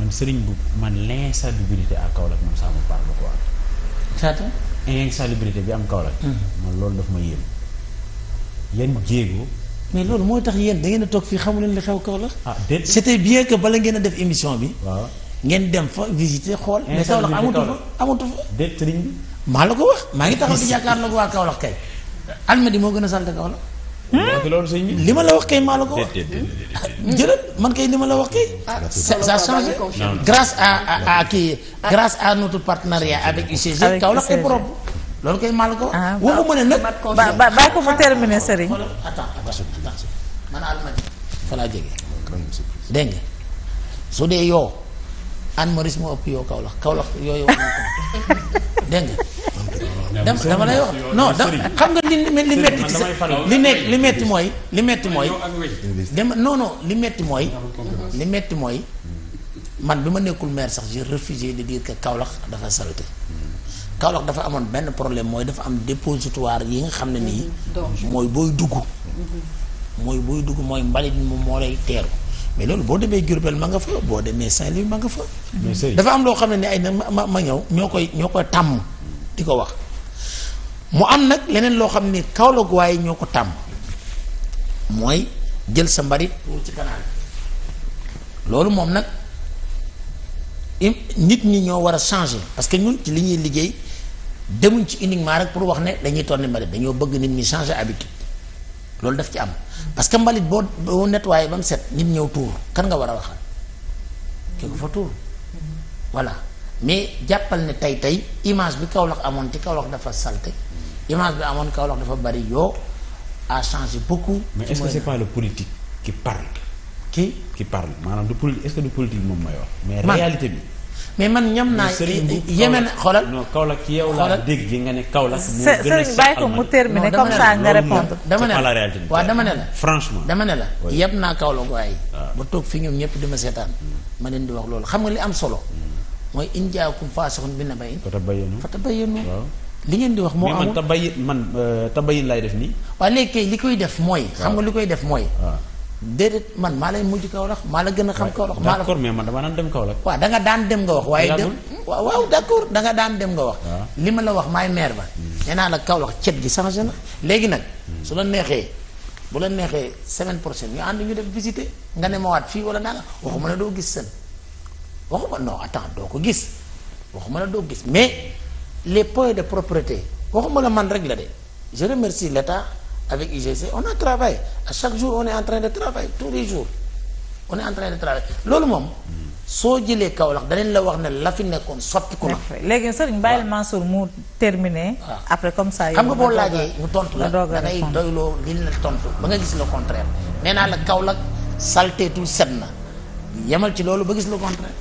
man Serigne Mboup man l'insalubrité à Kaolack man ça me parle quoi. c'est-à-dire insalubrité bi am Kaolack. Mm. man loolu daf ma yéem. yan jéego. mais loolu moo tax yéen da ngeen a toog fii xamu leen li xew Kaolack. ah déedéet c'était bien que bala ngeen a def émission bi. waaw ngeen dem fa visiter xool. mais Kaolack amatu fa amatu fa. maa la ko wax maa ngi taxaw di jàkkaarloo ak waa Kaolack kay. almadi moo gën a salte Kaolack. loolu sëñ li ma la wax kay maa la ko wax. man kay li ma la wax kay. Ah, ça a changé grâce à à à kii grâce à partenariat avec UCG Kaolack est propre loolu kay maa ko wax. Ah, waxuma ne nag ba ba bàyyi ko mu terminer Serigne. attends su dee yoo Anne Marie moo ëpp yoo Kaolack Kaolack yooyu wax na ko dégg dama dama lay wax non xam nga li li metti ci sa li nekk li metti mooy li metti mooy dama non non li metti mooy metti mooy man bi ma nekkul maire sax j'ai refusé de que Kaolack dafa saleté Kaolack dafa amoon benn problème mooy dafa am dépositoire yi nga xam ne nii mooy booy duggu mooy booy dugg mooy mbalit mi moo lay teeru mais loolu boo demee Diourbel ma nga fa boo demee saint ma nga fa dafa am loo xam ne ni ay na ma ma ñëw ñoo koy ñoo koy tàmm di ko wax mu am nag leneen loo xam ne Kaolack waaye ñoo ko tàmm mooy jël sa mbarit tuur ci kanaal loolu moom nag nit ñi ñoo war a changer parce que ñun ci li ñuy liggéey demuñ ci uniquement rek pour wax ne dañuy tonni mbalit dañoo bëgg nit ñi changer habitude loolu daf ci am parce que mbalit boo boo nettoyé ba mu set nit ñëw tuur kan nga war a waxal ki ko fa tuur mm-hmm. voilà mais jàppal ne tey tey image bi Kaolack amoon ci Kaolack dafa salte image bi amoon Kaolack dafa bari yoo a changé beaucoup. mais est-ce que c'est pas le politique qui parle. qui qui maanaam du politique est-ce que du politique moom may wax. mais réalité bi. mais man ñam naa yemen xoolal non Kaolack ci yow laa dégg gi nga ne Kaolack moo a bàyyi ko mu terminer comme ça nga répondre dama ne la waaw dama ne la franchement dama ne la yeb naa Kaolack waaye ah. ba toog fi ñoom ñëpp di ma seetaan hmm. ma leen di wax loolu xam nga li am solo hmm. mooy in jaakum faasiqun bi naba'in fatabayyanu fatabayyanu li ngeen di wax moo amul mais man tabayin man euh, tabayin lay def nii. waa léegi kay li koy def mooy. xam nga li koy def mooy. déedéet man maa lay mujj Kaolack maa la gën a xam Kaolack. maa la d'accord mais man damaa daan dem Kaolack. waaw da nga daan dem wax. waaye dem waaw waaw danga daan dem nga wax. Ah. li ma la wax maay maire ba. Hmm. nee naa la Kaolack cet gi changé na. léegi nag hmm. su la neexee bu la neexee semaine prochaine ñu ànd ñu def visiter nga ne ma waat fii wala naa la waxuma la doo gis seen waxuma non attends doo ko gis waxuma la doo gis mais. les points de propreté waxuma la man rek la de je remercie l'État avec IGC on a travaillé à chaque jour on est en de travailler tous les jours on est en de travailler loolu moom. soo jëlee Kaolack danañ la wax ne la fi nekkoon sotti ko na. léegi sëriñ bàyyil Mansour mu terminé. après comme saa ça xam nga boo laajee mu tontu la da ngay doyloo li tontu ba nga gis le contraire nee naa la Kaolack salteetul set na yemal ci loolu ba gis le contraire.